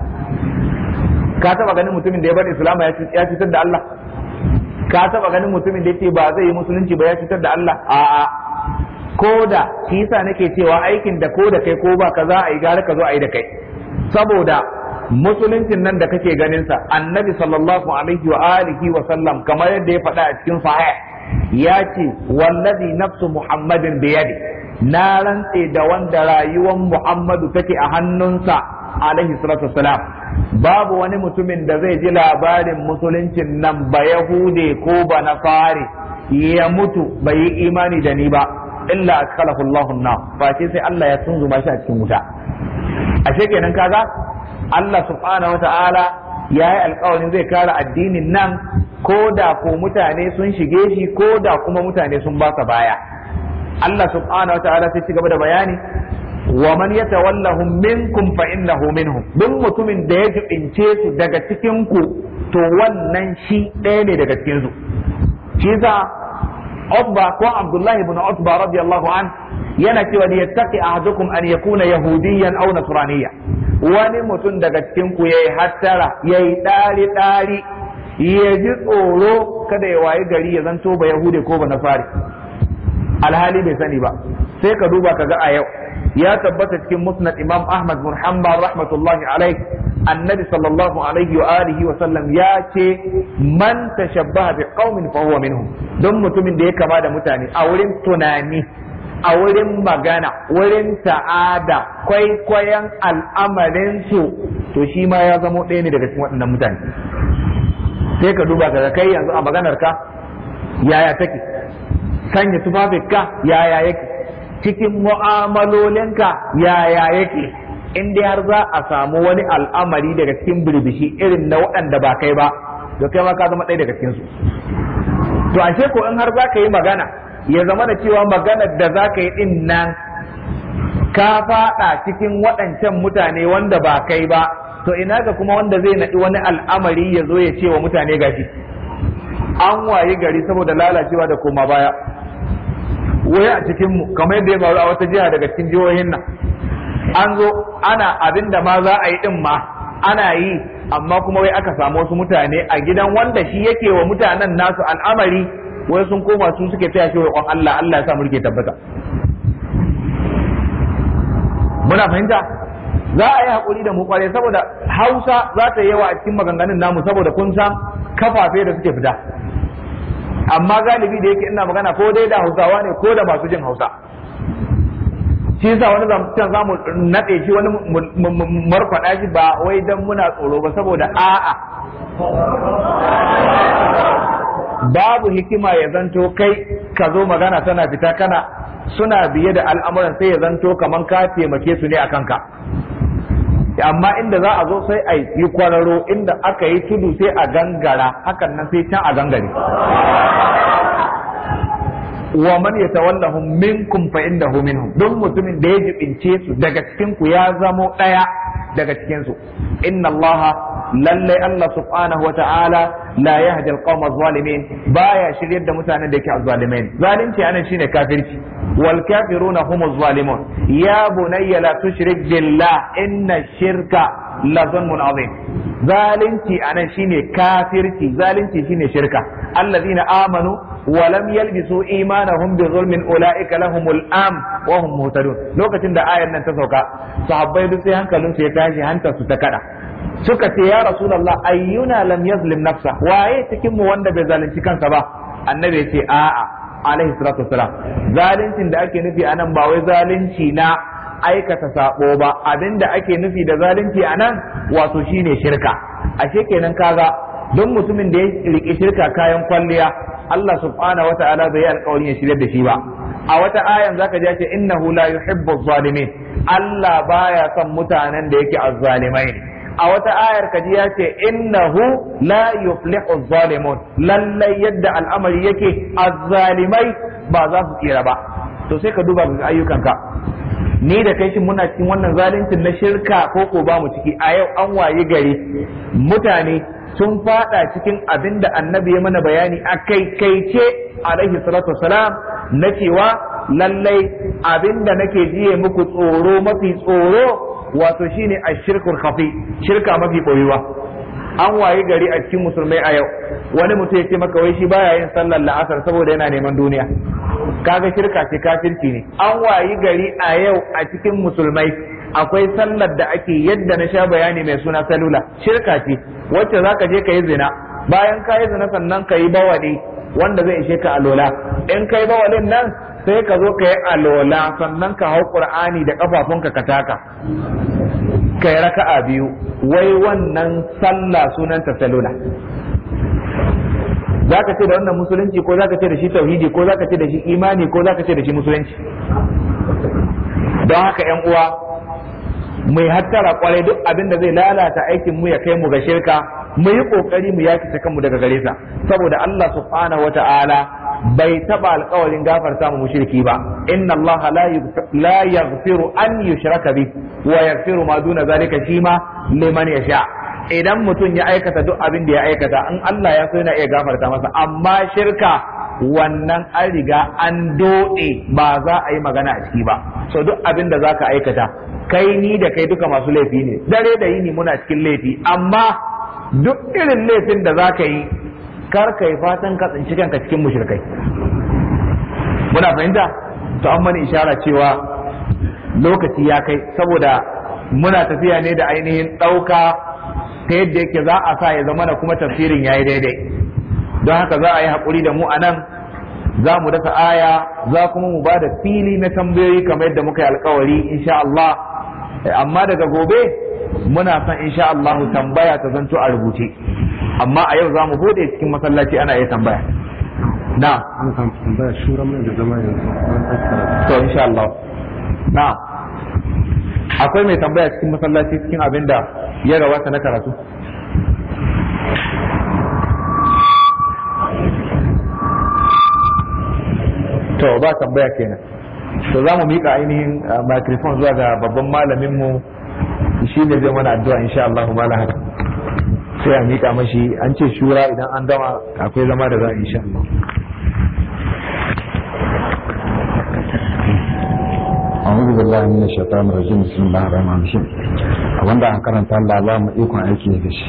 ka taba ganin mutumin da ya bar islama ya cutar da Allah ka taba ganin mutumin da yake ba zai yi musulunci ba ya cutar da Allah a'a ko da shi nake cewa aikin da ko da kai ko ba ka za a yi gara ka zo a yi da kai saboda musuluncin nan da kake ganin sa annabi sallallahu alaihi wa alihi wa sallam kamar yadda ya faɗa a cikin sahih ya ce wallazi nafsu muhammadin biyadi na rantse da wanda rayuwar muhammadu take a hannunsa alaihi salatu wasalam babu wani mutumin da zai ji labarin musuluncin nan ba yahude ko ba na fare ya mutu bai yi imani da ni ba illa kalahu Allahun na ba ce sai Allah ya tunzuma shi a cikin wuta a kenan kaga Allah subhanahu wa ta'ala ya yi alkawarin zai kare addinin nan ko da ko mutane sun shige shi ko da kuma mutane sun sa baya Allah subhanahu wa ta'ala sai ci gaba da bayani wa man yatawallahum minkum fa innahu minhum duk mutumin da ya jibince su daga cikin ku to wannan shi ɗaya ne daga cikin su shi za Utba ko Abdullahi ibn Utba radiyallahu an yana cewa ne yattaqi ahadukum an yakuna yahudiyyan aw nasraniyya wani mutum daga cikin ku yayi hattara yayi dari dari ya ji tsoro kada ya wayi gari ya zanto ba yahude ko ba nasari alhali bai sani ba sai ka duba kaga a yau ya tabbata cikin musnad imam ahmad bin hanbal ya ce "Manta shabbaha bi qaumin fa huwa don mutumin da ya kama da mutane a wurin tunani a wurin magana wurin ta'ada kwaikwayon al'amarinsu to shi ma ya zamo ɗaya ne daga cikin waɗannan mutane sai ka duba ka kai yanzu a maganar ka yaya sanya yaya cikin mu'amalolinka yaya yake in dai har za a samu wani al'amari daga cikin birbishi irin na waɗanda ba kai ba to kai ma ka zama ɗaya daga cikin to ashe ko in har za ka yi magana ya zama da cewa maganar da za ka yi ɗin nan ka faɗa cikin waɗancan mutane wanda ba kai ba to ina ga kuma wanda zai naɗi wani al'amari ya zo ya ce wa mutane gashi an wayi gari saboda lalacewa da koma baya waya a cikin mu kamar yadda ya faru a wata jiha daga cikin jihohin nan an zo ana abin da ma za a yi din ma ana yi amma kuma wai aka samu wasu mutane a gidan wanda shi yake wa mutanen nasu al'amari wai sun koma su suke taya shi wai Allah Allah ya sa mu rike tabbata muna fahimta za a yi hakuri da mu kware saboda Hausa za ta yi yawa a cikin maganganun namu saboda kun san kafafe da suke fita amma galibi da yake ina magana ko dai da hausawa ne ko da masu jin hausa shi yasa wani zamutan za mu nade shi wani markwaɗa shi ba wai dan muna tsoro ba saboda a'a babu hikima ya zanto kai ka zo magana tana fita kana suna biye da al'amuran sai ya zanto kaman ka taimake su ne a kanka amma inda za a zo sai a yi kwararo inda aka yi tudu sai a gangara hakan nan sai can a gangare wa man yatawallahum minkum fa innahu minhum duk mutumin da ya jibince su daga cikinku ya zamo ɗaya daga cikinsu? su inna allaha lallai Allah subhanahu wa ta'ala la yahdi alqawma zalimin baya shiryar da mutanen da yake zalimin. zalunci anan shine kafirci wal kafiruna hum zalimun ya bunayya la tushrik billah inna shirka la zulmun azim zalunci anan shine kafirci zalunci shine shirka alladhina amanu wa lam yalbisu imanahum bi zulmin ulaika lahumul am wa hum muhtadun lokacin da ayar nan ta sauka sahabbai duk sai hankalinsu ya tashi hanta su ta kada suka ce ya rasulallah ayyuna lam yazlim nafsa waye cikin mu wanda bai zalunci kansa ba annabi ya ce a'a alaihi salatu wasalam zaluncin da ake nufi anan ba wai zalunci na aikata sabo ba abinda ake nufi da zalunci anan wato shine shirka ashe kenan kaga don mutumin da ya rike shirka kayan kwalliya Allah subhanahu wataala bai alƙawarin ya shirya da shi ba a wata ayan zaka ji ce innahu la yuhibbu zalimin Allah baya son mutanen da yake azzalimai ne a wata ayar kaji ya ce innahu la yuflihu zalimun lallai yadda al'amari yake azzalimai ba za su tsira ba to sai ka duba ga ayyukanka ni da kai shin muna cikin wannan zaluncin na shirka ko ko ba mu ciki a yau an waye gari mutane sun fada cikin abinda annabi ya mana bayani a kai ce alaihi salatu wasalam na cewa lallai abin da nake jiye muku tsoro mafi tsoro wato shine ashirkul khafi shirka mafi koyuwa an waye gari a cikin musulmai a yau wani mutum ya ce maka wai shi baya yin sallar la'asar saboda yana neman duniya kaga shirka ce kafirci ne an wayi gari a yau a cikin musulmai akwai sallar da ake yadda na sha bayani mai suna salula shirka ce wacce zaka je ka zina bayan ka yi zina sannan ka yi bawali wanda zai ishe ka alola in kai bawalin nan sai ka zo ka yi alola sannan ka hau qur'ani da kafafunka ka taka kai raka'a biyu wai wannan sallah ta salula zaka ce da wannan musulunci ko zaka ce da shi tauhidi ko zaka ce da shi imani ko zaka ce da shi musulunci don haka yan uwa mai hattara kwarai duk abin da zai lalata aikin mu ya kai mu ga shirka mu yi kokari mu yaki kanmu daga gare sa saboda Allah subhanahu Ta'ala. bai taba alkawarin gafarta mu mushriki ba inna allaha la yaghfiru an yushraka bi wa yaghfiru ma duna zalika shima liman yasha idan mutum ya aikata duk abin da ya aikata in Allah ya so yana iya gafarta masa amma shirka wannan an riga an doɗe. ba za a yi magana a ciki ba so duk abin da zaka aikata kai ni da kai duka masu laifi ne dare da yini muna cikin laifi amma duk irin laifin da zaka yi kar ka fatan ka tsinci kanka cikin mushrikai muna fahimta to an mana ishara cewa lokaci ya kai saboda muna tafiya ne da ainihin ɗauka ta yadda yake za a sa ya zama na kuma tafsirin ya yi daidai don haka za a yi haƙuri da mu a nan za mu dasa aya za kuma mu ba da fili na tambayoyi kamar yadda muka yi alkawari insha Allah amma daga gobe muna son insha Allah tambaya ta zanto a rubuce amma a yau za mu bude cikin masallaci ana iya tambaya na an tambaya shura mai da zama yanzu to insha Allah na akwai mai tambaya cikin masallaci cikin abin da ya rawata na karatu to ba tambaya kenan to za mu mika ainihin eh, microphone zuwa ga babban malamin mu shi ne zai mana addu'a insha Allah mala haka sai a miƙa mashi an ce shura idan an dama akwai zama da za a insha Allah أعوذ بالله من الشيطان الرجيم بسم الله الرحمن الرحيم abin da aka karanta Allah ba mu ikon aiki da shi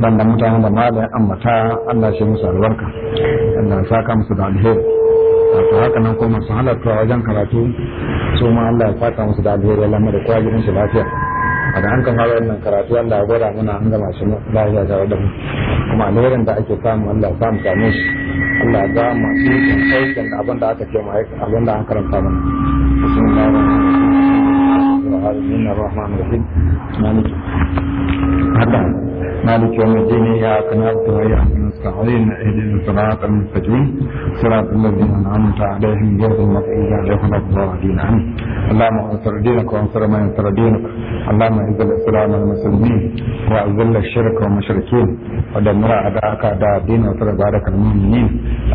da mutanen da an mata Allah shi musu albarka Allah saka musu da alheri to haka nan kuma su halarta wajen karatu su ma Allah ya fata musu da alheri Allah mu da kwa su lafiya a da hankan gama wannan karatu wanda ya gwada muna an gama shi lafiya tare da mu kuma alherin da ake samu Allah ya samu same shi Allah ya ba mu aikin da abin da aka ce mu abin da an karanta mana bismillahir rahmanir rahim مالك يوم الدين إياك نعبد وإياك نستعين اهدنا الصراط المستقيم صراط الذين أنعمت عليهم غير المغضوب عليهم ولا الضالين آمين اللهم انصر دينك وانصر من ينصر دينك اللهم اعز الإسلام والمسلمين وأذل الشرك والمشركين ودمر أعداءك أعداء الدين وانصر عبادك المؤمنين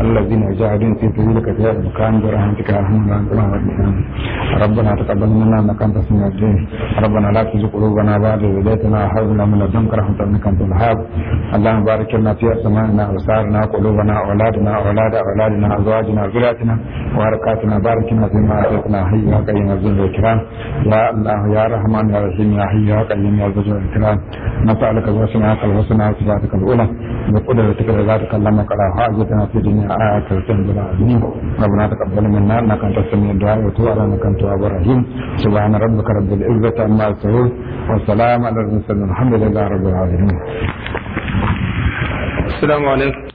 الذين يجاهدون في سبيلك في مكان برحمتك يا أرحم الراحمين ربنا تقبل منا إنك أنت السميع الدين ربنا لا تزغ قلوبنا بعد إذ هديتنا وهب لنا من لدنك رحمة إنك عبد الحق اللهم بارك لنا في أسمائنا وسارنا قلوبنا أولادنا أولاد أولادنا أزواجنا ذرياتنا وحركاتنا بارك لنا فيما أعطيتنا حي يا قيم الذل والكرام يا الله يا رحمن يا رحيم يا حي يا قيم يا ذو الإكرام نسألك بأسمائك الحسنى وصفاتك الأولى بقدرتك وذاتك اللهم قرأ حاجتنا في الدنيا آياتك الحمد لله ربنا تقبل منا إنك أنت السميع الدعاء وتوب على إنك أنت التواب الرحيم سبحان ربك رب العزة عما يصفون والسلام على المرسلين الحمد لله رب العالمين السلام عليكم